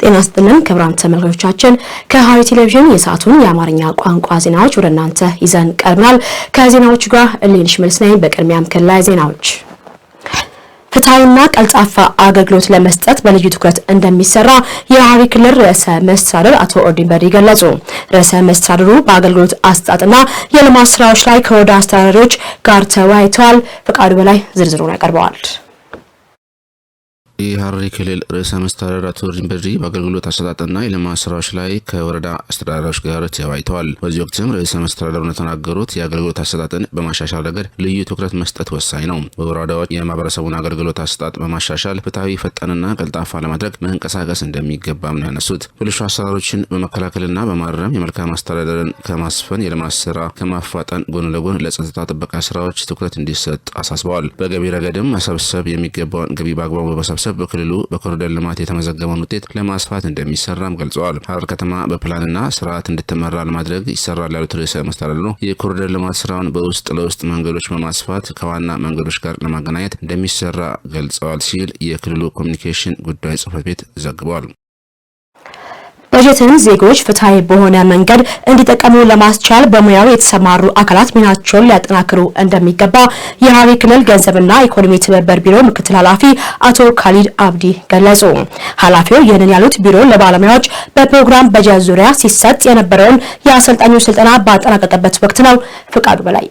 ጤና ይስጥልን ክቡራን ተመልካቾቻችን፣ ከሐረሪ ቴሌቪዥን የሰዓቱን የአማርኛ ቋንቋ ዜናዎች ወደ እናንተ ይዘን ቀርበናል። ከዜናዎቹ ጋር እልንሽ መልስ ነኝ። በቅድሚያም ክልላዊ ዜናዎች። ፍትሐዊና ቀልጣፋ አገልግሎት ለመስጠት በልዩ ትኩረት እንደሚሰራ የሐረሪ ክልል ርዕሰ መስተዳድር አቶ ኦርዲን በድሪ ገለጹ። ርዕሰ መስተዳድሩ በአገልግሎት አሰጣጥና የልማት ስራዎች ላይ ከወረዳ አስተዳዳሪዎች ጋር ተወያይተዋል። ፈቃዱ በላይ ዝርዝሩን ያቀርበዋል። የሐረሪ ክልል ርዕሰ መስተዳደር አቶ በድሪ በአገልግሎት አሰጣጥና የልማት ስራዎች ላይ ከወረዳ አስተዳዳሪዎች ጋር ተወያይተዋል። በዚህ ወቅትም ርዕሰ መስተዳደሩ እንደተናገሩት የአገልግሎት አሰጣጥን በማሻሻል ረገድ ልዩ ትኩረት መስጠት ወሳኝ ነው። በወረዳዎች የማህበረሰቡን አገልግሎት አሰጣጥ በማሻሻል ፍትሐዊ፣ ፈጣንና ቀልጣፋ ለማድረግ መንቀሳቀስ እንደሚገባም ነው ያነሱት። ብልሹ አሰራሮችን በመከላከልና በማረም የመልካም አስተዳደርን ከማስፈን የልማት ስራ ከማፋጠን ጎን ለጎን ለጸጥታ ጥበቃ ስራዎች ትኩረት እንዲሰጥ አሳስበዋል። በገቢ ረገድም መሰብሰብ የሚገባውን ገቢ በአግባቡ በመሰብሰብ ቤተሰብ በክልሉ በኮሪደር ልማት የተመዘገበውን ውጤት ለማስፋት እንደሚሰራም ገልጸዋል። ሀረር ከተማ በፕላንና ስርዓት እንድትመራ ለማድረግ ይሰራል ያሉት ርዕሰ መስተዳድሩ የኮሪደር ልማት ስራውን በውስጥ ለውስጥ መንገዶች በማስፋት ከዋና መንገዶች ጋር ለማገናኘት እንደሚሰራ ገልጸዋል ሲል የክልሉ ኮሚኒኬሽን ጉዳይ ጽህፈት ቤት ዘግቧል። በጀትን ዜጎች ፍትሐዊ በሆነ መንገድ እንዲጠቀሙ ለማስቻል በሙያው የተሰማሩ አካላት ሚናቸውን ሊያጠናክሩ እንደሚገባ የሐረሪ ክልል ገንዘብና ኢኮኖሚ ትብብር ቢሮ ምክትል ኃላፊ አቶ ካሊድ አብዲ ገለጹ። ኃላፊው ይህንን ያሉት ቢሮ ለባለሙያዎች በፕሮግራም በጀት ዙሪያ ሲሰጥ የነበረውን የአሰልጣኙ ስልጠና ባጠናቀቀበት ወቅት ነው። ፍቃዱ በላይ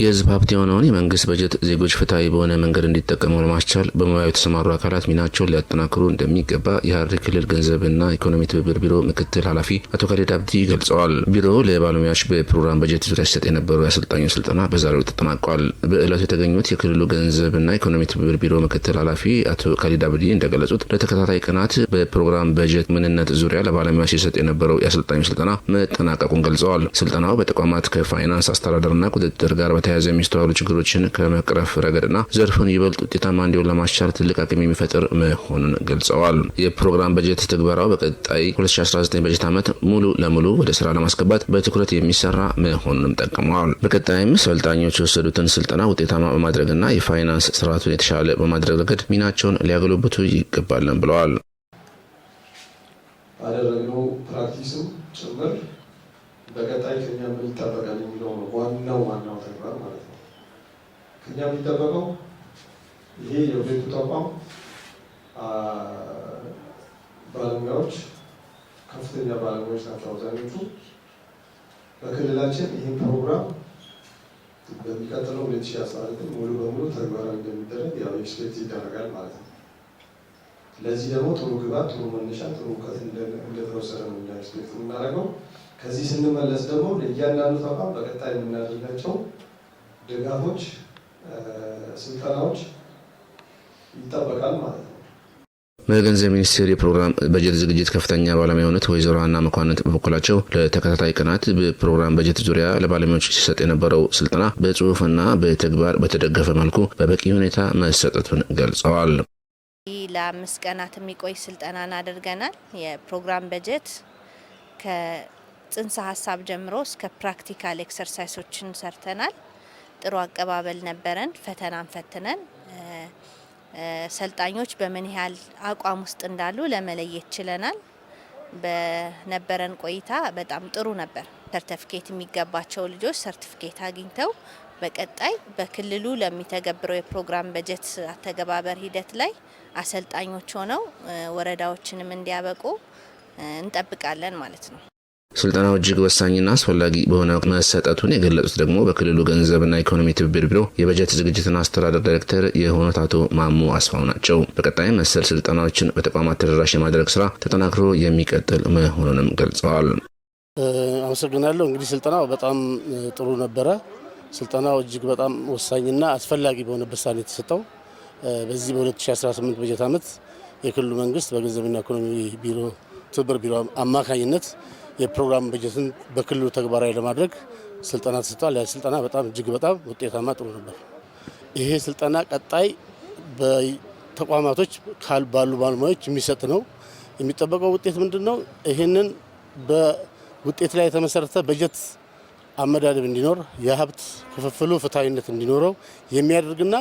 የህዝብ ሀብት የሆነውን የመንግስት በጀት ዜጎች ፍትሐዊ በሆነ መንገድ እንዲጠቀሙ ለማስቻል በሙያው የተሰማሩ አካላት ሚናቸውን ሊያጠናክሩ እንደሚገባ የሀረሪ ክልል ገንዘብና ኢኮኖሚ ትብብር ቢሮ ምክትል ኃላፊ አቶ ካሌድ አብዲ ገልጸዋል። ቢሮው ለባለሙያዎች በፕሮግራም በጀት ዙሪያ ሲሰጥ የነበረው የአሰልጣኙ ስልጠና በዛሬው ተጠናቋል። በእለቱ የተገኙት የክልሉ ገንዘብና ኢኮኖሚ ትብብር ቢሮ ምክትል ኃላፊ አቶ ካሌድ አብዲ እንደገለጹት ለተከታታይ ቀናት በፕሮግራም በጀት ምንነት ዙሪያ ለባለሙያዎች ሲሰጥ የነበረው የአሰልጣኙ ስልጠና መጠናቀቁን ገልጸዋል። ስልጠናው በተቋማት ከፋይናንስ አስተዳደርና ቁጥጥር ጋር በተያያዘ የሚስተዋሉ ችግሮችን ከመቅረፍ ረገድና ዘርፉን ይበልጥ ውጤታማ እንዲሆን ለማስቻል ትልቅ አቅም የሚፈጥር መሆኑን ገልጸዋል። የፕሮግራም በጀት ትግበራው በቀጣይ 2019 በጀት ዓመት ሙሉ ለሙሉ ወደ ስራ ለማስገባት በትኩረት የሚሰራ መሆኑንም ጠቅመዋል። በቀጣይም ሰልጣኞች የወሰዱትን ስልጠና ውጤታማ በማድረግና የፋይናንስ ስርዓቱን የተሻለ በማድረግ ረገድ ሚናቸውን ሊያገለብቱ ይገባልን ብለዋል። አደረግነው ፕራክቲስም ጭምር በቀጣይ ከኛ ምን ይጠበቃል የሚለው ነው ዋናው ዋናው ተግባር ማለት ነው። ከኛ የሚጠበቀው ይሄ የቤቱ ተቋም ባለሙያዎች ከፍተኛ ባለሙያዎች ናቸው አብዛኞቹ። በክልላችን ይህን ፕሮግራም በሚቀጥለው ሁለት ሺህ አስራ ሙሉ በሙሉ ተግባራዊ እንደሚደረግ ያው ኤክስፔክት ይደረጋል ማለት ነው። ለዚህ ደግሞ ጥሩ ግባት፣ ጥሩ መነሻ፣ ጥሩ እውቀት እንደተወሰደ ነው ኤክስፔክት የምናደርገው። ከዚህ ስንመለስ ደግሞ ለእያንዳንዱ ተቋም በቀጣይ የምናደርጋቸው ድጋፎች፣ ስልጠናዎች ይጠበቃል ማለት ነው። በገንዘብ ሚኒስቴር የፕሮግራም በጀት ዝግጅት ከፍተኛ ባለሙያ የሆኑት ወይዘሮ ሀና መኳንንት በበኩላቸው ለተከታታይ ቀናት በፕሮግራም በጀት ዙሪያ ለባለሙያዎች ሲሰጥ የነበረው ስልጠና በጽሁፍና በተግባር በተደገፈ መልኩ በበቂ ሁኔታ መሰጠቱን ገልጸዋል። ለአምስት ቀናት የሚቆይ ስልጠናን አድርገናል። የፕሮግራም በጀት ጽንሰ ሀሳብ ጀምሮ እስከ ፕራክቲካል ኤክሰርሳይሶችን ሰርተናል። ጥሩ አቀባበል ነበረን። ፈተናን ፈትነን ሰልጣኞች በምን ያህል አቋም ውስጥ እንዳሉ ለመለየት ችለናል። በነበረን ቆይታ በጣም ጥሩ ነበር። ሰርተፍኬት የሚገባቸው ልጆች ሰርቲፊኬት አግኝተው በቀጣይ በክልሉ ለሚተገብረው የፕሮግራም በጀት አተገባበር ሂደት ላይ አሰልጣኞች ሆነው ወረዳዎችንም እንዲያበቁ እንጠብቃለን ማለት ነው። ስልጠናው እጅግ ወሳኝና አስፈላጊ በሆነ መሰጠቱን የገለጹት ደግሞ በክልሉ ገንዘብና ኢኮኖሚ ትብብር ቢሮ የበጀት ዝግጅትና አስተዳደር ዳይሬክተር የሆኑት አቶ ማሞ አስፋው ናቸው። በቀጣይ መሰል ስልጠናዎችን በተቋማት ተደራሽ የማድረግ ስራ ተጠናክሮ የሚቀጥል መሆኑንም ገልጸዋል። አመሰግናለሁ። እንግዲህ ስልጠናው በጣም ጥሩ ነበረ። ስልጠናው እጅግ በጣም ወሳኝና አስፈላጊ በሆነበት ሰዓት የተሰጠው። በዚህ በ2018 በጀት ዓመት የክልሉ መንግስት በገንዘብና ኢኮኖሚ ቢሮ ትብብር ቢሮ አማካኝነት የፕሮግራም በጀትን በክልሉ ተግባራዊ ለማድረግ ስልጠና ተሰጥቷል። ያ ስልጠና በጣም እጅግ በጣም ውጤታማ ጥሩ ነበር። ይሄ ስልጠና ቀጣይ በተቋማቶች ባሉ ባለሙያዎች የሚሰጥ ነው። የሚጠበቀው ውጤት ምንድን ነው? ይህንን በውጤት ላይ የተመሰረተ በጀት አመዳደብ እንዲኖር የሀብት ክፍፍሉ ፍትሐዊነት እንዲኖረው የሚያደርግና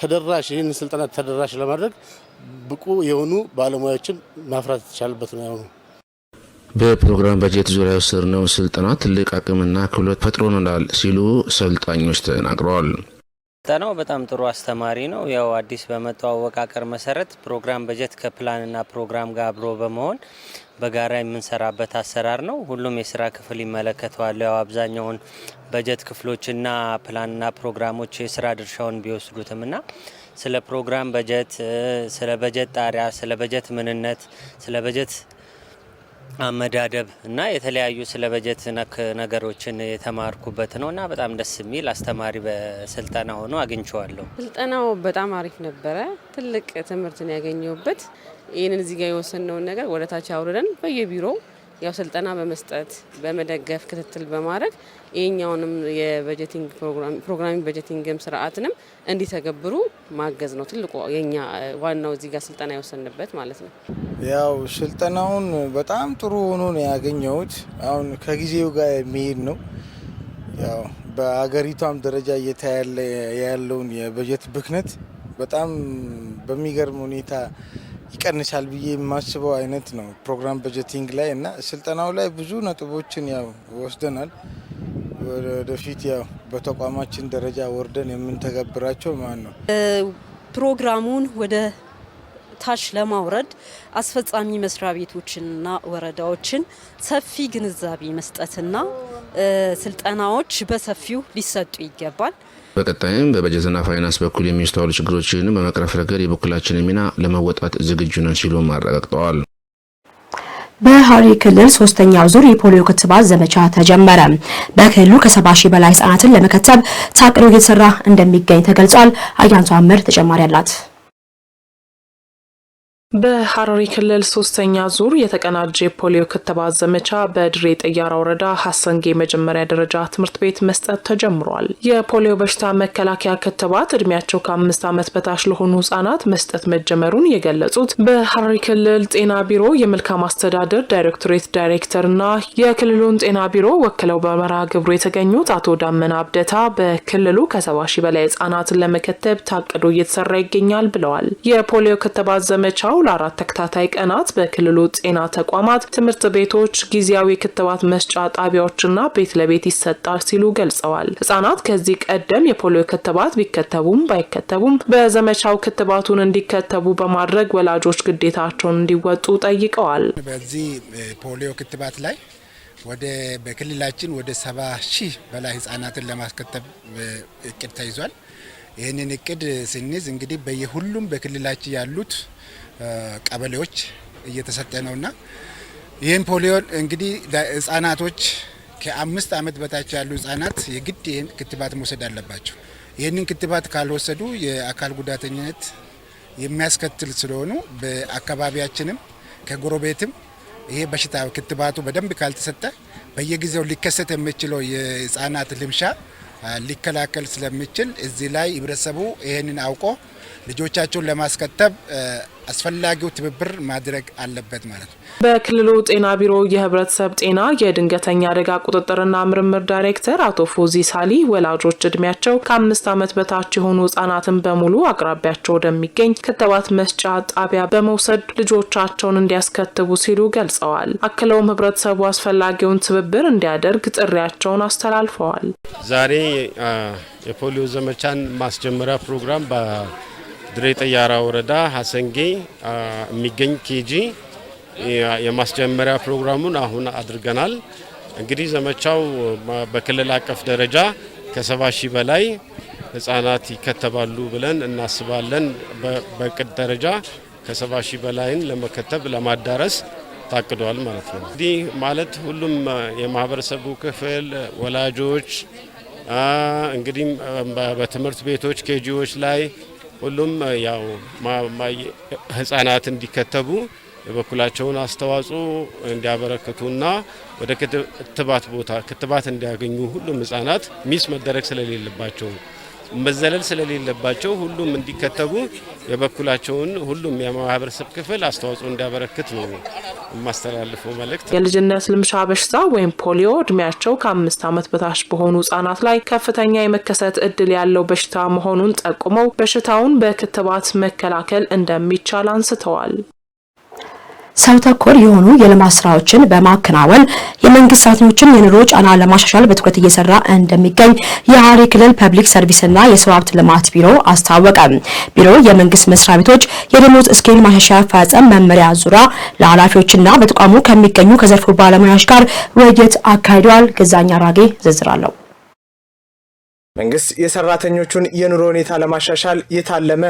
ተደራሽ ይህንን ስልጠና ተደራሽ ለማድረግ ብቁ የሆኑ ባለሙያዎችን ማፍራት የተቻለበት ነው ያሆነው። በፕሮግራም በጀት ዙሪያ ነው ስልጠና ትልቅ አቅምና ክህሎት ፈጥሮናል ሲሉ ሰልጣኞች ተናግረዋል። ስልጠናው በጣም ጥሩ አስተማሪ ነው። ያው አዲስ በመጣው አወቃቀር መሰረት ፕሮግራም በጀት ከፕላንና ፕሮግራም ጋር አብሮ በመሆን በጋራ የምንሰራበት አሰራር ነው። ሁሉም የስራ ክፍል ይመለከተዋል። ያው አብዛኛውን በጀት ክፍሎችና ፕላንና ፕሮግራሞች የስራ ድርሻውን ቢወስዱትም ና ስለ ፕሮግራም በጀት፣ ስለ በጀት ጣሪያ፣ ስለ በጀት ምንነት፣ ስለ በጀት አመዳደብ እና የተለያዩ ስለ በጀት ነክ ነገሮችን የተማርኩበት ነው እና በጣም ደስ የሚል አስተማሪ በስልጠና ሆኖ አግኝቸዋለሁ ስልጠናው በጣም አሪፍ ነበረ። ትልቅ ትምህርትን ያገኘውበት ይህንን እዚህ ጋር የወሰንነውን ነገር ወደታች አውርደን በየቢሮው ያው ስልጠና በመስጠት በመደገፍ ክትትል በማድረግ ይህኛውንም የበጀቲንግ ፕሮግራሚንግ በጀቲንግም ስርዓትንም እንዲተገብሩ ማገዝ ነው ትልቁ የኛ ዋናው እዚህ ጋር ስልጠና የወሰንበት ማለት ነው። ያው ስልጠናውን በጣም ጥሩ ሆኖ ነው ያገኘሁት። አሁን ከጊዜው ጋር የሚሄድ ነው። ያው በአገሪቷም ደረጃ እየታያለ ያለውን የበጀት ብክነት በጣም በሚገርም ሁኔታ ይቀንሳል ብዬ የማስበው አይነት ነው ፕሮግራም በጀቲንግ ላይ እና ስልጠናው ላይ ብዙ ነጥቦችን ያው ወስደናል። ወደፊት ያው በተቋማችን ደረጃ ወርደን የምንተገብራቸው ማን ነው ፕሮግራሙን ወደ ታች ለማውረድ አስፈጻሚ መስሪያ ቤቶችንና ወረዳዎችን ሰፊ ግንዛቤ መስጠትና ስልጠናዎች በሰፊው ሊሰጡ ይገባል። በቀጣይም በበጀትና ፋይናንስ በኩል የሚስተዋሉ ችግሮችን በመቅረፍ ረገድ የበኩላችንን ሚና ለመወጣት ዝግጁ ነን ሲሉም አረጋግጠዋል። በሐረሪ ክልል ሶስተኛው ዙር የፖሊዮ ክትባት ዘመቻ ተጀመረ። በክልሉ ከሰባ ሺህ በላይ ህጻናትን ለመከተብ ታቅዶ እየተሰራ እንደሚገኝ ተገልጿል። አያንቱ አምር ተጨማሪ አላት። በሐረሪ ክልል ሶስተኛ ዙር የተቀናጀ የፖሊዮ ክትባት ዘመቻ በድሬ ጠያራ ወረዳ ሀሰንጌ የመጀመሪያ ደረጃ ትምህርት ቤት መስጠት ተጀምሯል። የፖሊዮ በሽታ መከላከያ ክትባት እድሜያቸው ከአምስት ዓመት በታች ለሆኑ ህጻናት መስጠት መጀመሩን የገለጹት በሐረሪ ክልል ጤና ቢሮ የመልካም አስተዳደር ዳይሬክቶሬት ዳይሬክተርና የክልሉን ጤና ቢሮ ወክለው በመርሃ ግብሩ የተገኙት አቶ ዳመና አብደታ በክልሉ ከሰባ ሺህ በላይ ህጻናትን ለመከተብ ታቅዶ እየተሰራ ይገኛል ብለዋል። የፖሊዮ ክትባት ዘመቻው ባለፈው ለአራት ተከታታይ ቀናት በክልሉ ጤና ተቋማት፣ ትምህርት ቤቶች፣ ጊዜያዊ ክትባት መስጫ ጣቢያዎችና ቤት ለቤት ይሰጣል ሲሉ ገልጸዋል። ህጻናት ከዚህ ቀደም የፖሊዮ ክትባት ቢከተቡም ባይከተቡም በዘመቻው ክትባቱን እንዲከተቡ በማድረግ ወላጆች ግዴታቸውን እንዲወጡ ጠይቀዋል። በዚህ ፖሊዮ ክትባት ላይ ወደ በክልላችን ወደ ሰባ ሺህ በላይ ህጻናትን ለማስከተብ እቅድ ተይዟል። ይህንን እቅድ ስንይዝ እንግዲህ በየሁሉም በክልላችን ያሉት ቀበሌዎች እየተሰጠ ነውና ይህም ፖሊዮን እንግዲህ ህጻናቶች ከአምስት ዓመት በታች ያሉ ህጻናት የግድ ይህን ክትባት መውሰድ አለባቸው። ይህንን ክትባት ካልወሰዱ የአካል ጉዳተኝነት የሚያስከትል ስለሆኑ በአካባቢያችንም ከጎረቤትም ይሄ በሽታ ክትባቱ በደንብ ካልተሰጠ በየጊዜው ሊከሰት የሚችለው የህጻናት ልምሻ ሊከላከል ስለሚችል እዚህ ላይ ህብረተሰቡ ይህንን አውቆ ልጆቻቸውን ለማስከተብ አስፈላጊው ትብብር ማድረግ አለበት ማለት ነው። በክልሉ ጤና ቢሮ የህብረተሰብ ጤና የድንገተኛ አደጋ ቁጥጥርና ምርምር ዳይሬክተር አቶ ፎዚ ሳሊ ወላጆች እድሜያቸው ከአምስት ዓመት በታች የሆኑ ህጻናትን በሙሉ አቅራቢያቸው ወደሚገኝ ክትባት መስጫ ጣቢያ በመውሰድ ልጆቻቸውን እንዲያስከትቡ ሲሉ ገልጸዋል። አክለውም ህብረተሰቡ አስፈላጊውን ትብብር እንዲያደርግ ጥሪያቸውን አስተላልፈዋል። ዛሬ የፖሊዮ ዘመቻን ማስጀመሪያ ፕሮግራም ድሬ ጠያራ ወረዳ ሀሰንጌ የሚገኝ ኬጂ የማስጀመሪያ ፕሮግራሙን አሁን አድርገናል። እንግዲህ ዘመቻው በክልል አቀፍ ደረጃ ከሰባ ሺህ በላይ ህጻናት ይከተባሉ ብለን እናስባለን። በቅድ ደረጃ ከሰባ ሺህ በላይን ለመከተብ ለማዳረስ ታቅዷል ማለት ነው። እንግዲህ ማለት ሁሉም የማህበረሰቡ ክፍል ወላጆች እንግዲህ በትምህርት ቤቶች ኬጂዎች ላይ ሁሉም ያው ህጻናት እንዲከተቡ የበኩላቸውን አስተዋጽኦ እንዲያበረክቱና ወደ ክትባት ቦታ ክትባት እንዲያገኙ ሁሉም ህጻናት ሚስ መደረግ ስለሌለባቸው መዘለል ስለሌለባቸው ሁሉም እንዲከተቡ የበኩላቸውን ሁሉም የማህበረሰብ ክፍል አስተዋጽኦ እንዲያበረክት ነው የማስተላልፈው መልእክት። የልጅነት ልምሻ በሽታ ወይም ፖሊዮ እድሜያቸው ከአምስት ዓመት በታች በሆኑ ህጻናት ላይ ከፍተኛ የመከሰት እድል ያለው በሽታ መሆኑን ጠቁመው በሽታውን በክትባት መከላከል እንደሚቻል አንስተዋል። ሰው ተኮር የሆኑ የልማት ስራዎችን በማከናወን የመንግስት ሰራተኞችን የኑሮ ጫና ለማሻሻል በትኩረት እየሰራ እንደሚገኝ የሐረሪ ክልል ፐብሊክ ሰርቪስና የሰው ሀብት ልማት ቢሮ አስታወቀ። ቢሮው የመንግስት መስሪያ ቤቶች የደሞዝ ስኬል ማሻሻያ አፈጻጸም መመሪያ ዙሪያ ለኃላፊዎችና በተቋሙ ከሚገኙ ከዘርፉ ባለሙያዎች ጋር ውይይት አካሂደዋል። ገዛኛ ራጌ ዝርዝር አለው። መንግስት የሰራተኞቹን የኑሮ ሁኔታ ለማሻሻል የታለመ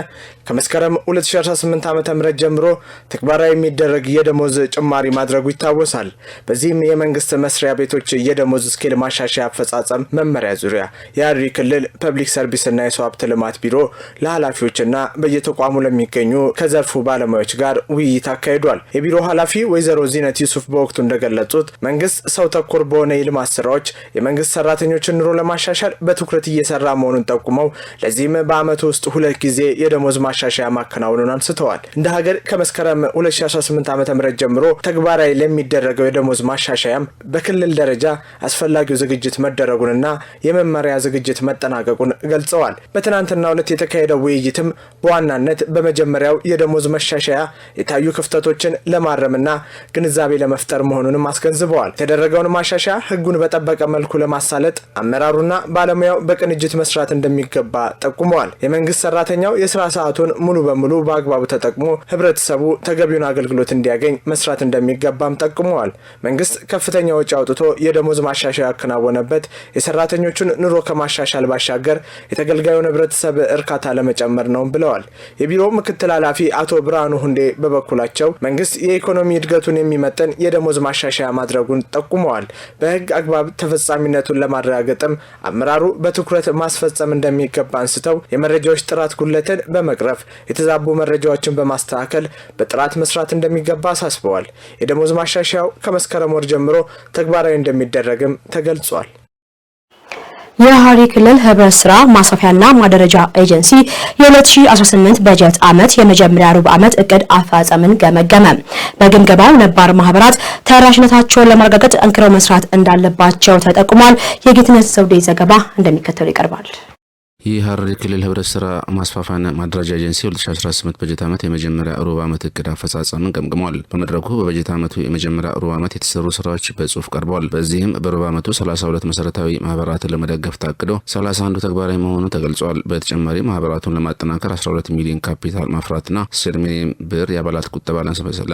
ከመስከረም 2018 ዓ ም ጀምሮ ተግባራዊ የሚደረግ የደሞዝ ጭማሪ ማድረጉ ይታወሳል። በዚህም የመንግስት መስሪያ ቤቶች የደሞዝ ስኬል ማሻሻያ አፈጻጸም መመሪያ ዙሪያ የሐረሪ ክልል ፐብሊክ ሰርቪስና የሰው ሀብት ልማት ቢሮ ለኃላፊዎችና በየተቋሙ ለሚገኙ ከዘርፉ ባለሙያዎች ጋር ውይይት አካሂዷል። የቢሮ ኃላፊ ወይዘሮ ዚነት ዩሱፍ በወቅቱ እንደገለጹት መንግስት ሰው ተኮር በሆነ የልማት ስራዎች የመንግስት ሰራተኞችን ኑሮ ለማሻሻል በትኩረት እየሰራ መሆኑን ጠቁመው ለዚህም በአመቱ ውስጥ ሁለት ጊዜ የደሞዝ ማሻሻያ ማከናወኑን አንስተዋል። እንደ ሀገር ከመስከረም 2018 ዓ ም ጀምሮ ተግባራዊ ለሚደረገው የደሞዝ ማሻሻያም በክልል ደረጃ አስፈላጊው ዝግጅት መደረጉንና የመመሪያ ዝግጅት መጠናቀቁን ገልጸዋል። በትናንትናው ዕለት የተካሄደው ውይይትም በዋናነት በመጀመሪያው የደሞዝ መሻሻያ የታዩ ክፍተቶችን ለማረምና ግንዛቤ ለመፍጠር መሆኑንም አስገንዝበዋል። የተደረገውን ማሻሻያ ህጉን በጠበቀ መልኩ ለማሳለጥ አመራሩና ባለሙያው በቅ በቅንጅት መስራት እንደሚገባ ጠቁመዋል። የመንግስት ሰራተኛው የስራ ሰዓቱን ሙሉ በሙሉ በአግባቡ ተጠቅሞ ህብረተሰቡ ተገቢውን አገልግሎት እንዲያገኝ መስራት እንደሚገባም ጠቁመዋል። መንግስት ከፍተኛ ወጪ አውጥቶ የደሞዝ ማሻሻያ ያከናወነበት የሰራተኞቹን ኑሮ ከማሻሻል ባሻገር የተገልጋዩን ህብረተሰብ እርካታ ለመጨመር ነው ብለዋል። የቢሮው ምክትል ኃላፊ አቶ ብርሃኑ ሁንዴ በበኩላቸው መንግስት የኢኮኖሚ እድገቱን የሚመጥን የደሞዝ ማሻሻያ ማድረጉን ጠቁመዋል። በህግ አግባብ ተፈጻሚነቱን ለማረጋገጥም አመራሩ በትኩ ትኩረት ማስፈጸም እንደሚገባ አንስተው የመረጃዎች ጥራት ጉለትን በመቅረፍ የተዛቡ መረጃዎችን በማስተካከል በጥራት መስራት እንደሚገባ አሳስበዋል። የደሞዝ ማሻሻያው ከመስከረም ወር ጀምሮ ተግባራዊ እንደሚደረግም ተገልጿል። የሐረሪ ክልል ህብረት ስራ ማስፋፊያና ማደረጃ ኤጀንሲ የ2018 በጀት ዓመት የመጀመሪያ ሩብ ዓመት እቅድ አፈጻጸምን ገመገመ። በግምገማው ነባር ማህበራት ተደራሽነታቸውን ለማረጋገጥ ጠንክረው መስራት እንዳለባቸው ተጠቁሟል። የጌትነት ዘውዴ ዘገባ እንደሚከተሉ ይቀርባል። የሐረሪ ክልል ህብረት ስራ ማስፋፋና ማደራጃ ኤጀንሲ 2018 በጀት ዓመት የመጀመሪያ ሩብ ዓመት እቅድ አፈጻጸምን ገምግመዋል። በመድረኩ በበጀት ዓመቱ የመጀመሪያ ሩብ ዓመት የተሰሩ ስራዎች በጽሁፍ ቀርበዋል። በዚህም በሩብ ዓመቱ 32 መሰረታዊ ማህበራትን ለመደገፍ ታቅዶ 31ዱ ተግባራዊ መሆኑ ተገልጿል። በተጨማሪ ማህበራቱን ለማጠናከር 12 ሚሊዮን ካፒታል ማፍራትና 10 ሚሊዮን ብር የአባላት ቁጠባ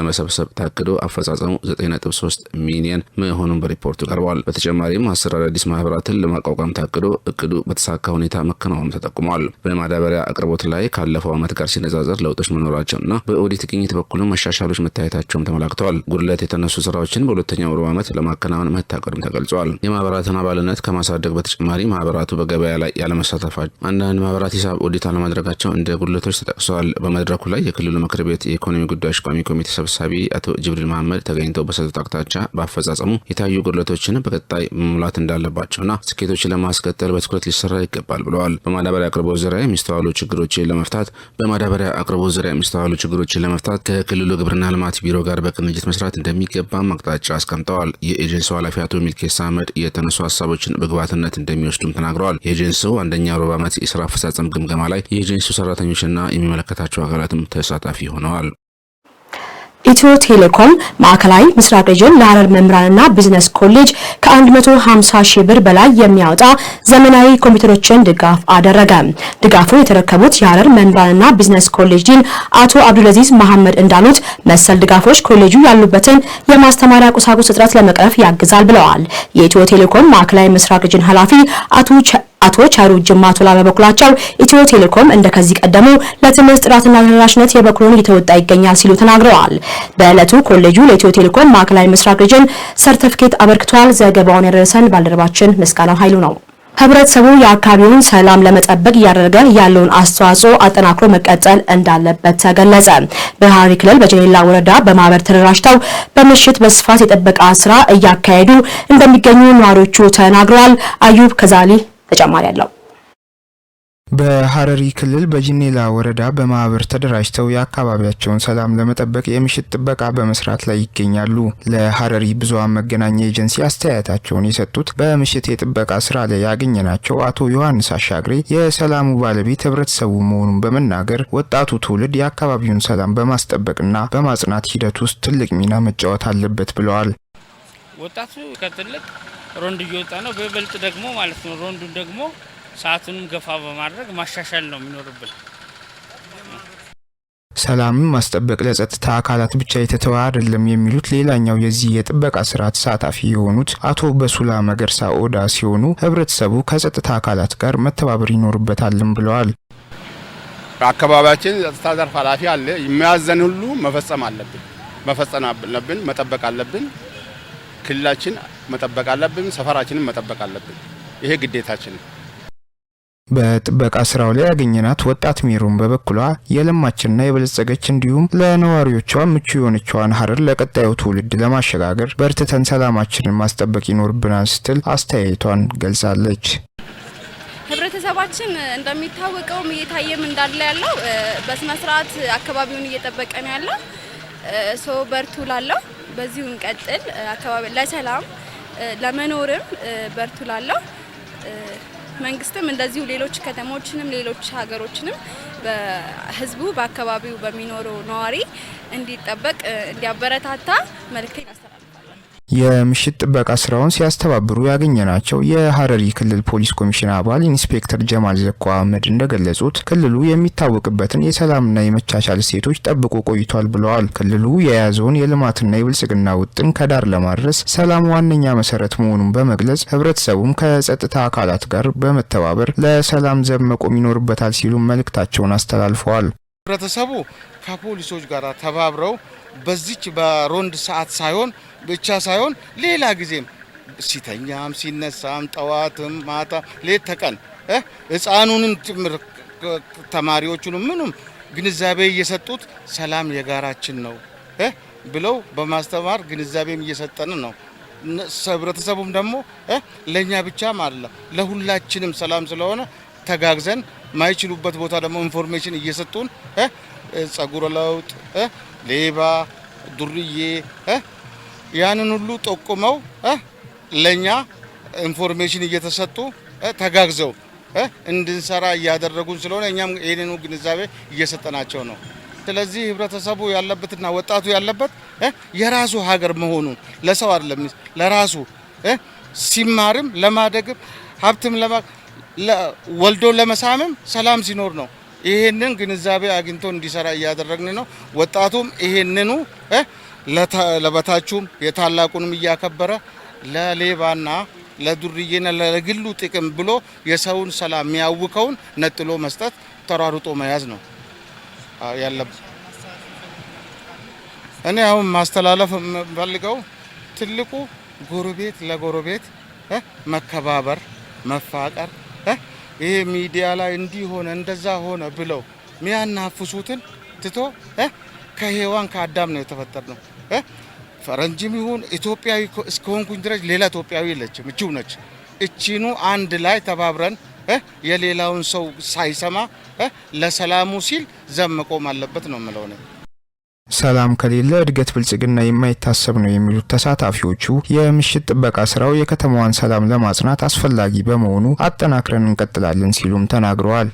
ለመሰብሰብ ታቅዶ አፈጻጸሙ 9.3 ሚሊዮን መሆኑን በሪፖርቱ ቀርበዋል። በተጨማሪም አስር አዳዲስ ማህበራትን ለማቋቋም ታቅዶ እቅዱ በተሳካ ሁኔታ መከናወ መሆኑ ተጠቁሟል። በማዳበሪያ አቅርቦት ላይ ካለፈው ዓመት ጋር ሲነጻጸር ለውጦች መኖራቸውና በኦዲት ግኝት በኩልም መሻሻሎች መታየታቸውም ተመላክተዋል። ጉድለት የተነሱ ስራዎችን በሁለተኛው ሩብ ዓመት ለማከናወን መታቀዱም ተገልጿል። የማህበራትን አባልነት ከማሳደግ በተጨማሪ ማህበራቱ በገበያ ላይ ያለመሳተፋቸው፣ አንዳንድ ማህበራት ሂሳብ ኦዲት አለማድረጋቸው እንደ ጉድለቶች ተጠቅሰዋል። በመድረኩ ላይ የክልሉ ምክር ቤት የኢኮኖሚ ጉዳዮች ቋሚ ኮሚቴ ሰብሳቢ አቶ ጅብሪል መሐመድ ተገኝተው በሰጡት አቅጣጫ በአፈጻጸሙ የታዩ ጉድለቶችን በቀጣይ መሙላት እንዳለባቸውና ስኬቶችን ለማስከተል በትኩረት ሊሰራ ይገባል ብለዋል። በማዳበሪያ አቅርቦት ዙሪያ የሚስተዋሉ ችግሮችን ለመፍታት በማዳበሪያ አቅርቦት ዙሪያ የሚስተዋሉ ችግሮችን ለመፍታት ከክልሉ ግብርና ልማት ቢሮ ጋር በቅንጅት መስራት እንደሚገባም አቅጣጫ አስቀምጠዋል። የኤጀንሲው ኃላፊ አቶ ሚልኬሳ አህመድ የተነሱ ሀሳቦችን በግብዓትነት እንደሚወስዱም ተናግረዋል። የኤጀንሲው አንደኛ ሩብ ዓመት የስራ አፈጻጸም ግምገማ ላይ የኤጀንሲው ሰራተኞችና የሚመለከታቸው አካላትም ተሳታፊ ሆነዋል። ኢትዮ ቴሌኮም ማዕከላዊ ምስራቅ ሪጅን ለሀረር መምህራንና ቢዝነስ ኮሌጅ ከ150 ሺህ ብር በላይ የሚያወጣ ዘመናዊ ኮምፒውተሮችን ድጋፍ አደረገ። ድጋፉ የተረከቡት የሀረር መምህራንና ቢዝነስ ኮሌጅ ዲን አቶ አብዱልአዚዝ መሐመድ እንዳሉት መሰል ድጋፎች ኮሌጁ ያሉበትን የማስተማሪያ ቁሳቁስ እጥረት ለመቅረፍ ያግዛል ብለዋል። የኢትዮ ቴሌኮም ማዕከላዊ ምስራቅ ሪጅን ኃላፊ አቶ አቶ ቻሩ ጅማ ቶላ በበኩላቸው ኢትዮ ቴሌኮም እንደከዚህ ቀደሙ ለትምህርት ጥራትና ተደራሽነት የበኩሉን እየተወጣ ይገኛል ሲሉ ተናግረዋል። በዕለቱ ኮሌጁ ለኢትዮ ቴሌኮም ማዕከላዊ ምስራቅ ሪጅን ሰርተፍኬት አበርክቷል። ዘገባውን ያደረሰን ባልደረባችን ምስጋናው ኃይሉ ነው። ህብረተሰቡ የአካባቢውን ሰላም ለመጠበቅ እያደረገ ያለውን አስተዋጽኦ አጠናክሮ መቀጠል እንዳለበት ተገለጸ። በሐረሪ ክልል በጀኔላ ወረዳ በማህበር ተደራጅተው በምሽት በስፋት የጥበቃ ስራ እያካሄዱ እንደሚገኙ ነዋሪዎቹ ተናግረዋል። አዩብ ከዛሊ ተጨማሪ አለው። በሐረሪ ክልል በጂኔላ ወረዳ በማህበር ተደራጅተው የአካባቢያቸውን ሰላም ለመጠበቅ የምሽት ጥበቃ በመስራት ላይ ይገኛሉ። ለሐረሪ ብዙሃን መገናኛ ኤጀንሲ አስተያየታቸውን የሰጡት በምሽት የጥበቃ ስራ ላይ ያገኘናቸው አቶ ዮሐንስ አሻግሬ የሰላሙ ባለቤት ህብረተሰቡ መሆኑን በመናገር ወጣቱ ትውልድ የአካባቢውን ሰላም በማስጠበቅና በማጽናት ሂደት ውስጥ ትልቅ ሚና መጫወት አለበት ብለዋል። ወጣቱ ከትልቅ ሮንድ እየወጣ ነው። በይበልጥ ደግሞ ማለት ነው ሮንዱን ደግሞ ሰዓቱንም ገፋ በማድረግ ማሻሻል ነው የሚኖርብን። ሰላምን ማስጠበቅ ለጸጥታ አካላት ብቻ የተተወ አይደለም የሚሉት ሌላኛው የዚህ የጥበቃ ስራ ተሳታፊ የሆኑት አቶ በሱላ መገርሳ ኦዳ ሲሆኑ ህብረተሰቡ ከጸጥታ አካላት ጋር መተባበር ይኖርበታልም ብለዋል። አካባቢያችን ጸጥታ ዘርፍ ኃላፊ አለ። የሚያዘን ሁሉ መፈጸም አለብን፣ መፈጸም አለብን፣ መጠበቅ አለብን። ክልላችን መጠበቅ አለብን፣ ሰፈራችንን መጠበቅ አለብን። ይሄ ግዴታችን ነው። በጥበቃ ስራው ላይ ያገኘናት ወጣት ሜሮን በበኩሏ የለማችና የበለጸገች እንዲሁም ለነዋሪዎቿ ምቹ የሆነችዋን ሀረር ለቀጣዩ ትውልድ ለማሸጋገር በርትተን ሰላማችንን ማስጠበቅ ይኖርብናል ስትል አስተያየቷን ገልጻለች። ህብረተሰባችን እንደሚታወቀውም እየታየም እንዳለ ያለው በስነስርዓት አካባቢውን እየጠበቀ ነው ያለው። ሰው በርቱ ላለው በዚሁ እንቀጥል። አካባቢ ለሰላም ለመኖርም በርቱ ላለው መንግስትም እንደዚሁ ሌሎች ከተሞችንም ሌሎች ሀገሮችንም በህዝቡ በአካባቢው በሚኖረው ነዋሪ እንዲጠበቅ እንዲያበረታታ መልክት የምሽት ጥበቃ ስራውን ሲያስተባብሩ ያገኘ ናቸው። የሀረሪ ክልል ፖሊስ ኮሚሽን አባል ኢንስፔክተር ጀማል ዘኮ አህመድ እንደገለጹት ክልሉ የሚታወቅበትን የሰላምና የመቻቻል እሴቶች ጠብቆ ቆይቷል ብለዋል። ክልሉ የያዘውን የልማትና የብልጽግና ውጥን ከዳር ለማድረስ ሰላም ዋነኛ መሰረት መሆኑን በመግለጽ ህብረተሰቡም ከጸጥታ አካላት ጋር በመተባበር ለሰላም ዘብ መቆም ይኖርበታል ሲሉ መልእክታቸውን አስተላልፈዋል። ህብረተሰቡ ከፖሊሶች ጋር ተባብረው በዚች በሮንድ ሰዓት ሳይሆን ብቻ ሳይሆን ሌላ ጊዜም ሲተኛም ሲነሳም ጠዋትም ማታ ሌት ተቀን ህፃኑንም ጭምር ተማሪዎቹንም ምኑም ግንዛቤ እየሰጡት ሰላም የጋራችን ነው ብለው በማስተማር ግንዛቤም እየሰጠን ነው። ህብረተሰቡም ደግሞ ለእኛ ብቻም አይደለም ለሁላችንም ሰላም ስለሆነ ተጋግዘን ማይችሉበት ቦታ ደግሞ ኢንፎርሜሽን እየሰጡን ጸጉረ ለውጥ፣ ሌባ፣ ዱርዬ ያንን ሁሉ ጠቁመው ለእኛ ኢንፎርሜሽን እየተሰጡ ተጋግዘው እንድንሰራ እያደረጉን ስለሆነ እኛም ይህንኑ ግንዛቤ እየሰጠናቸው ነው። ስለዚህ ህብረተሰቡ ያለበትና ወጣቱ ያለበት የራሱ ሀገር መሆኑን ለሰው አይደለም ለራሱ ሲማርም ለማደግም ሀብትም ወልዶ ለመሳምም ሰላም ሲኖር ነው። ይህንን ግንዛቤ አግኝቶ እንዲሰራ እያደረግን ነው። ወጣቱም ይህንኑ ለበታችሁም የታላቁንም እያከበረ ለሌባና ለዱርዬና ለግሉ ጥቅም ብሎ የሰውን ሰላም የሚያውከውን ነጥሎ መስጠት ተሯሩጦ መያዝ ነው ያለብን። እኔ አሁን ማስተላለፍ የምፈልገው ትልቁ ጎረቤት ለጎረቤት መከባበር፣ መፋቀር ይሄ ሚዲያ ላይ እንዲህ ሆነ እንደዛ ሆነ ብለው ሚያናፍሱትን ትቶ ከሔዋን ከአዳም ነው የተፈጠር ነው። ፈረንጅም ይሁን ኢትዮጵያዊ እስከሆንኩኝ ድረስ ሌላ ኢትዮጵያዊ የለችም፣ እችው ነች። እቺኑ አንድ ላይ ተባብረን የሌላውን ሰው ሳይሰማ ለሰላሙ ሲል ዘብ መቆም አለበት ነው የምለው ነው። ሰላም ከሌለ እድገት ብልጽግና የማይታሰብ ነው የሚሉት ተሳታፊዎቹ የምሽት ጥበቃ ስራው የከተማዋን ሰላም ለማጽናት አስፈላጊ በመሆኑ አጠናክረን እንቀጥላለን ሲሉም ተናግረዋል።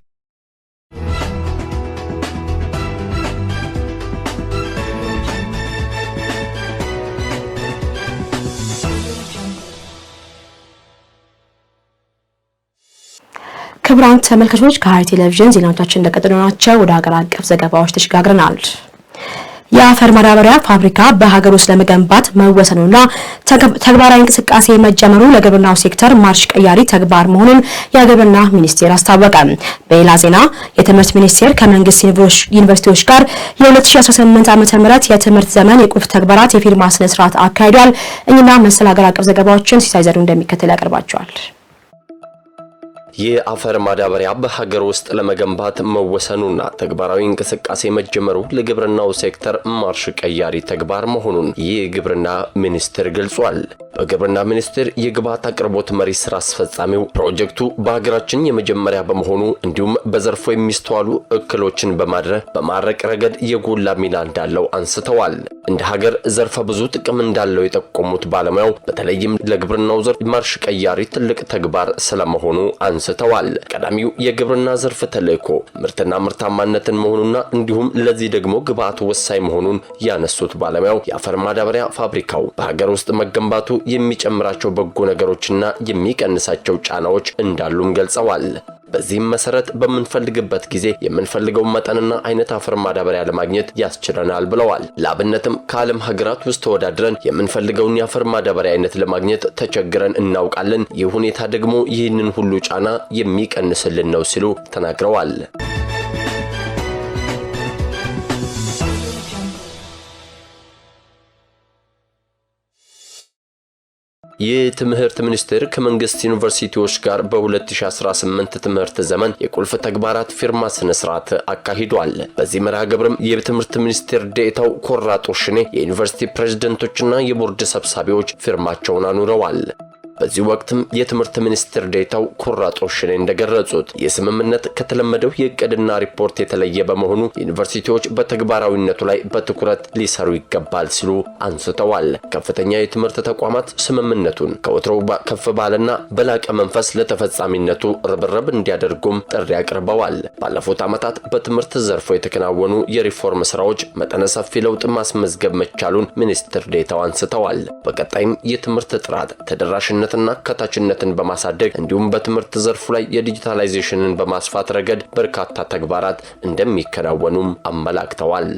ክቡራን ተመልካቾች ከሐረሪ ቴሌቪዥን ዜናዎቻችን እንደቀጠሉ ናቸው። ወደ ሀገር አቀፍ ዘገባዎች ተሸጋግረናል። የአፈር ማዳበሪያ ፋብሪካ በሀገር ውስጥ ለመገንባት መወሰኑና ተግባራዊ እንቅስቃሴ መጀመሩ ለግብርናው ሴክተር ማርሽ ቀያሪ ተግባር መሆኑን የግብርና ሚኒስቴር አስታወቀ። በሌላ ዜና የትምህርት ሚኒስቴር ከመንግስት ዩኒቨርሲቲዎች ጋር የ2018 ዓ.ም የትምህርት ዘመን የቁልፍ ተግባራት የፊርማ ስነስርዓት አካሂዷል። እኝና መሰል ሀገር አቀፍ ዘገባዎችን ሲሳይ እንደሚከተል ያቀርባቸዋል። የአፈር ማዳበሪያ በሀገር ውስጥ ለመገንባት መወሰኑና ተግባራዊ እንቅስቃሴ መጀመሩ ለግብርናው ሴክተር ማርሽ ቀያሪ ተግባር መሆኑን የግብርና ሚኒስትር ገልጿል። በግብርና ሚኒስቴር የግብዓት አቅርቦት መሪ ስራ አስፈጻሚው ፕሮጀክቱ በሀገራችን የመጀመሪያ በመሆኑ እንዲሁም በዘርፎ የሚስተዋሉ እክሎችን በማድረግ በማድረቅ ረገድ የጎላ ሚና እንዳለው አንስተዋል። እንደ ሀገር ዘርፈ ብዙ ጥቅም እንዳለው የጠቆሙት ባለሙያው በተለይም ለግብርናው ዘርፍ ማርሽ ቀያሪ ትልቅ ተግባር ስለመሆኑ አንስተዋል። ቀዳሚው የግብርና ዘርፍ ተልዕኮ ምርትና ምርታማነትን መሆኑና እንዲሁም ለዚህ ደግሞ ግብዓቱ ወሳኝ መሆኑን ያነሱት ባለሙያው የአፈር ማዳበሪያ ፋብሪካው በሀገር ውስጥ መገንባቱ የሚጨምራቸው በጎ ነገሮችና የሚቀንሳቸው ጫናዎች እንዳሉም ገልጸዋል። በዚህም መሰረት በምንፈልግበት ጊዜ የምንፈልገውን መጠንና አይነት አፈር ማዳበሪያ ለማግኘት ያስችለናል ብለዋል። ለአብነትም ከዓለም ሀገራት ውስጥ ተወዳድረን የምንፈልገውን የአፈር ማዳበሪያ አይነት ለማግኘት ተቸግረን እናውቃለን። ይህ ሁኔታ ደግሞ ይህንን ሁሉ ጫና የሚቀንስልን ነው ሲሉ ተናግረዋል። የትምህርት ሚኒስቴር ከመንግስት ዩኒቨርሲቲዎች ጋር በ2018 ትምህርት ዘመን የቁልፍ ተግባራት ፊርማ ስነ ስርዓት አካሂዷል። በዚህ መርሃ ግብርም የትምህርት ሚኒስቴር ዴኤታው ኮራ ጦሽኔ የዩኒቨርሲቲ ፕሬዝደንቶችና የቦርድ ሰብሳቢዎች ፊርማቸውን አኑረዋል። በዚህ ወቅትም የትምህርት ሚኒስትር ዴታው ኩራጦሽኔ እንደገረጹት። የስምምነት ከተለመደው የእቅድና ሪፖርት የተለየ በመሆኑ ዩኒቨርሲቲዎች በተግባራዊነቱ ላይ በትኩረት ሊሰሩ ይገባል ሲሉ አንስተዋል። ከፍተኛ የትምህርት ተቋማት ስምምነቱን ከወትሮው ከፍ ባለና በላቀ መንፈስ ለተፈጻሚነቱ ርብርብ እንዲያደርጉም ጥሪ አቅርበዋል። ባለፉት ዓመታት በትምህርት ዘርፎ የተከናወኑ የሪፎርም ስራዎች መጠነ ሰፊ ለውጥ ማስመዝገብ መቻሉን ሚኒስትር ዴታው አንስተዋል። በቀጣይም የትምህርት ጥራት ተደራሽነት ተደራሽነትና ከታችነትን በማሳደግ እንዲሁም በትምህርት ዘርፉ ላይ የዲጂታላይዜሽንን በማስፋት ረገድ በርካታ ተግባራት እንደሚከናወኑም አመላክተዋል።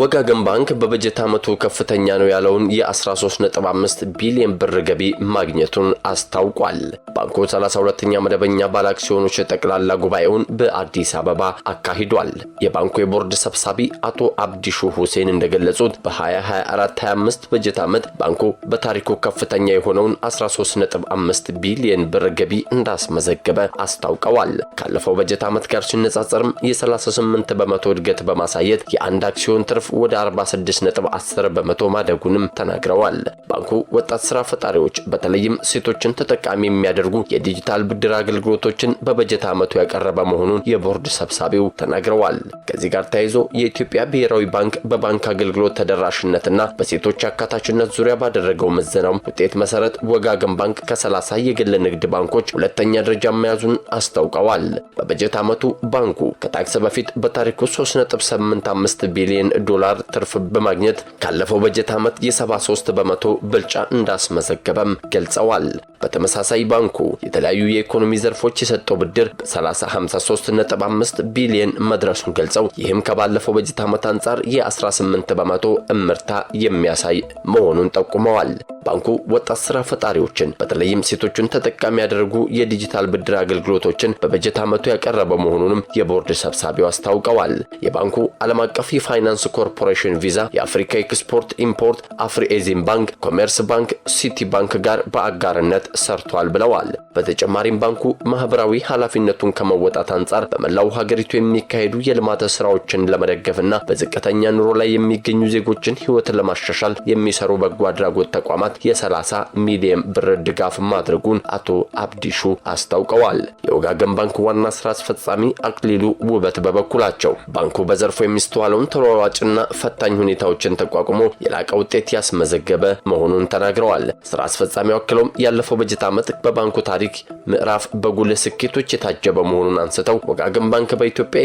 ወጋገን ባንክ በበጀት ዓመቱ ከፍተኛ ነው ያለውን የ13.5 ቢሊዮን ብር ገቢ ማግኘቱን አስታውቋል። ባንኩ 32ኛ መደበኛ ባለ አክሲዮኖች ጠቅላላ ጉባኤውን በአዲስ አበባ አካሂዷል። የባንኩ የቦርድ ሰብሳቢ አቶ አብዲሹ ሁሴን እንደገለጹት በ2024/25 በጀት ዓመት ባንኩ በታሪኩ ከፍተኛ የሆነውን 13.5 ቢሊዮን ብር ገቢ እንዳስመዘገበ አስታውቀዋል። ካለፈው በጀት ዓመት ጋር ሲነጻጸርም የ38 በመቶ እድገት በማሳየት የአንድ አክሲዮን ትርፍ ዘርፍ ወደ 46.10 በመቶ ማደጉንም ተናግረዋል። ባንኩ ወጣት ስራ ፈጣሪዎች በተለይም ሴቶችን ተጠቃሚ የሚያደርጉ የዲጂታል ብድር አገልግሎቶችን በበጀት ዓመቱ ያቀረበ መሆኑን የቦርድ ሰብሳቢው ተናግረዋል። ከዚህ ጋር ተያይዞ የኢትዮጵያ ብሔራዊ ባንክ በባንክ አገልግሎት ተደራሽነትና በሴቶች አካታችነት ዙሪያ ባደረገው ምዘናው ውጤት መሰረት ወጋገን ባንክ ከ30 የግል ንግድ ባንኮች ሁለተኛ ደረጃ መያዙን አስታውቀዋል። በበጀት ዓመቱ ባንኩ ከታክስ በፊት በታሪኩ 3.85 ቢሊዮን ዶላር ትርፍ በማግኘት ካለፈው በጀት ዓመት የ73 በመቶ ብልጫ እንዳስመዘገበም ገልጸዋል። በተመሳሳይ ባንኩ የተለያዩ የኢኮኖሚ ዘርፎች የሰጠው ብድር በ353.5 ቢሊየን መድረሱን ገልጸው ይህም ከባለፈው በጀት ዓመት አንጻር የ18 በመቶ እምርታ የሚያሳይ መሆኑን ጠቁመዋል። ባንኩ ወጣት ስራ ፈጣሪዎችን በተለይም ሴቶችን ተጠቃሚ ያደረጉ የዲጂታል ብድር አገልግሎቶችን በበጀት ዓመቱ ያቀረበ መሆኑንም የቦርድ ሰብሳቢው አስታውቀዋል። የባንኩ ዓለም አቀፍ የፋይናንስ ኮርፖሬሽን ቪዛ፣ የአፍሪካ ኤክስፖርት ኢምፖርት፣ አፍሪኤዚም ባንክ፣ ኮሜርስ ባንክ፣ ሲቲ ባንክ ጋር በአጋርነት ሰርቷል ብለዋል። በተጨማሪም ባንኩ ማህበራዊ ኃላፊነቱን ከመወጣት አንጻር በመላው ሀገሪቱ የሚካሄዱ የልማት ስራዎችን ለመደገፍና በዝቅተኛ ኑሮ ላይ የሚገኙ ዜጎችን ህይወት ለማሻሻል የሚሰሩ በጎ አድራጎት ተቋማት የ30 ሚሊየን ብር ድጋፍ ማድረጉን አቶ አብዲሹ አስታውቀዋል። የወጋገን ባንክ ዋና ስራ አስፈጻሚ አክሊሉ ውበት በበኩላቸው ባንኩ በዘርፉ የሚስተዋለውን ተለዋዋጭ አዳጋችና ፈታኝ ሁኔታዎችን ተቋቁሞ የላቀ ውጤት ያስመዘገበ መሆኑን ተናግረዋል። ስራ አስፈጻሚው አክለውም ያለፈው በጀት ዓመት በባንኩ ታሪክ ምዕራፍ በጉልህ ስኬቶች የታጀበ መሆኑን አንስተው ወጋገን ባንክ በኢትዮጵያ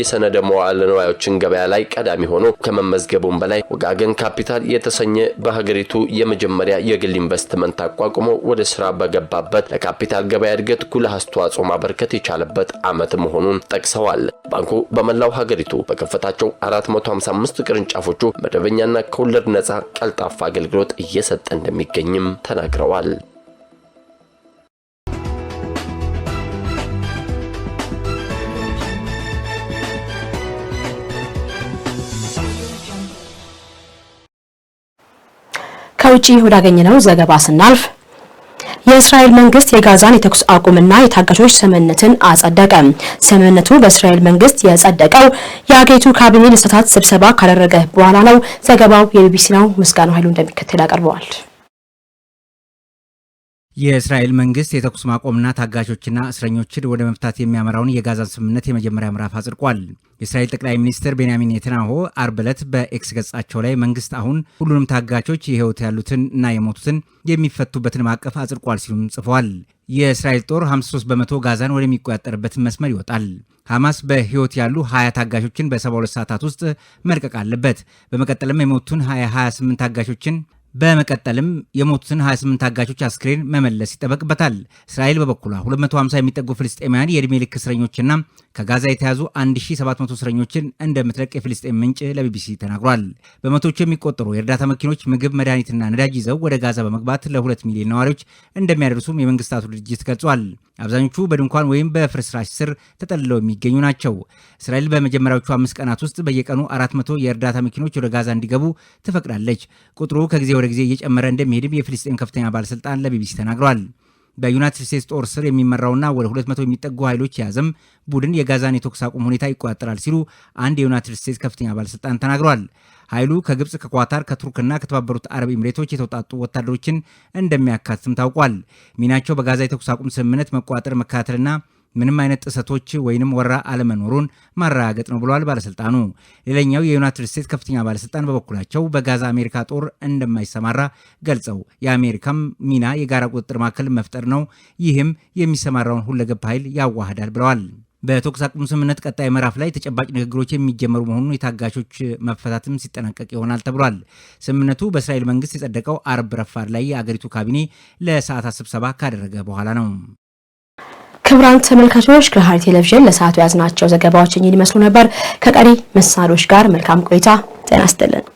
የሰነደ መዋዕለ ንዋዮችን ገበያ ላይ ቀዳሚ ሆኖ ከመመዝገቡም በላይ ወጋገን ካፒታል የተሰኘ በሀገሪቱ የመጀመሪያ የግል ኢንቨስትመንት አቋቁሞ ወደ ስራ በገባበት ለካፒታል ገበያ እድገት ጉልህ አስተዋጽኦ ማበርከት የቻለበት ዓመት መሆኑን ጠቅሰዋል። ባንኩ በመላው ሀገሪቱ በከፈታቸው 450 በ35 ቅርንጫፎቹ መደበኛና ከወለድ ነፃ ቀልጣፋ አገልግሎት እየሰጠ እንደሚገኝም ተናግረዋል። ከውጭ ወዳገኘነው ዘገባ ስናልፍ የእስራኤል መንግስት የጋዛን የተኩስ አቁምና የታጋቾች ስምምነትን አጸደቀ። ስምምነቱ በእስራኤል መንግስት የጸደቀው የአገሪቱ ካቢኔ ለሰዓታት ስብሰባ ካደረገ በኋላ ነው። ዘገባው የቢቢሲ ነው። ምስጋናው ኃይሉ እንደሚከተል ያቀርበዋል። የእስራኤል መንግስት የተኩስ ማቆምና ታጋቾችና እስረኞችን ወደ መፍታት የሚያመራውን የጋዛን ስምምነት የመጀመሪያ ምዕራፍ አጽድቋል። የእስራኤል ጠቅላይ ሚኒስትር ቤንያሚን ኔትናሆ አርብ ዕለት በኤክስ ገጻቸው ላይ መንግስት አሁን ሁሉንም ታጋቾች የህይወት ያሉትን እና የሞቱትን የሚፈቱበትን ማዕቀፍ አጽድቋል ሲሉም ጽፏል። የእስራኤል ጦር 53 በመቶ ጋዛን ወደሚቆጣጠርበትን መስመር ይወጣል። ሐማስ በህይወት ያሉ 20 ታጋቾችን በ72 ሰዓታት ውስጥ መልቀቅ አለበት። በመቀጠልም የሞቱን 28 ታጋቾችን በመቀጠልም የሞቱትን 28 ታጋቾች አስክሬን መመለስ ይጠበቅበታል። እስራኤል በበኩሏ 250 የሚጠጉ ፍልስጤማውያን የእድሜ ልክ እስረኞችና ከጋዛ የተያዙ 1700 እስረኞችን እንደምትለቅ የፍልስጤም ምንጭ ለቢቢሲ ተናግሯል። በመቶዎች የሚቆጠሩ የእርዳታ መኪኖች ምግብ፣ መድኃኒትና ነዳጅ ይዘው ወደ ጋዛ በመግባት ለሁለት ሚሊዮን ነዋሪዎች እንደሚያደርሱም የመንግስታቱ ድርጅት ገልጿል። አብዛኞቹ በድንኳን ወይም በፍርስራሽ ስር ተጠልለው የሚገኙ ናቸው። እስራኤል በመጀመሪያዎቹ አምስት ቀናት ውስጥ በየቀኑ 400 የእርዳታ መኪኖች ወደ ጋዛ እንዲገቡ ትፈቅዳለች። ቁጥሩ ከጊዜ ወደ ጊዜ እየጨመረ እንደሚሄድም የፍልስጤም ከፍተኛ ባለስልጣን ለቢቢሲ ተናግሯል። በዩናይትድ ስቴትስ ጦር ስር የሚመራውና ወደ 200 የሚጠጉ ኃይሎች የያዘም ቡድን የጋዛን የተኩስ አቁም ሁኔታ ይቆጣጠራል ሲሉ አንድ የዩናይትድ ስቴትስ ከፍተኛ ባለስልጣን ተናግሯል። ኃይሉ ከግብፅ፣ ከኳታር፣ ከቱርክና ከተባበሩት አረብ ኤምሬቶች የተውጣጡ ወታደሮችን እንደሚያካትትም ታውቋል። ሚናቸው በጋዛ የተኩስ አቁም ስምምነት መቋጠር መከታተልና ምንም አይነት ጥሰቶች ወይንም ወረራ አለመኖሩን ማረጋገጥ ነው ብለዋል ባለስልጣኑ። ሌላኛው የዩናይትድ ስቴትስ ከፍተኛ ባለስልጣን በበኩላቸው በጋዛ አሜሪካ ጦር እንደማይሰማራ ገልጸው የአሜሪካም ሚና የጋራ ቁጥጥር ማዕከል መፍጠር ነው፣ ይህም የሚሰማራውን ሁለገብ ኃይል ያዋህዳል ብለዋል። በተኩስ አቁም ስምምነት ቀጣይ ምዕራፍ ላይ ተጨባጭ ንግግሮች የሚጀመሩ መሆኑን የታጋቾች መፈታትም ሲጠናቀቅ ይሆናል ተብሏል። ስምምነቱ በእስራኤል መንግስት የጸደቀው አርብ ረፋድ ላይ የአገሪቱ ካቢኔ ለሰዓታት ስብሰባ ካደረገ በኋላ ነው። ክብራን ተመልካቾች ከሐረሪ ቴሌቪዥን ለሰዓቱ ያዝናቸው ዘገባዎች እኚህን ይመስሉ ነበር። ከቀሪ መሰናዶች ጋር መልካም ቆይታ። ጤና ይስጥልን።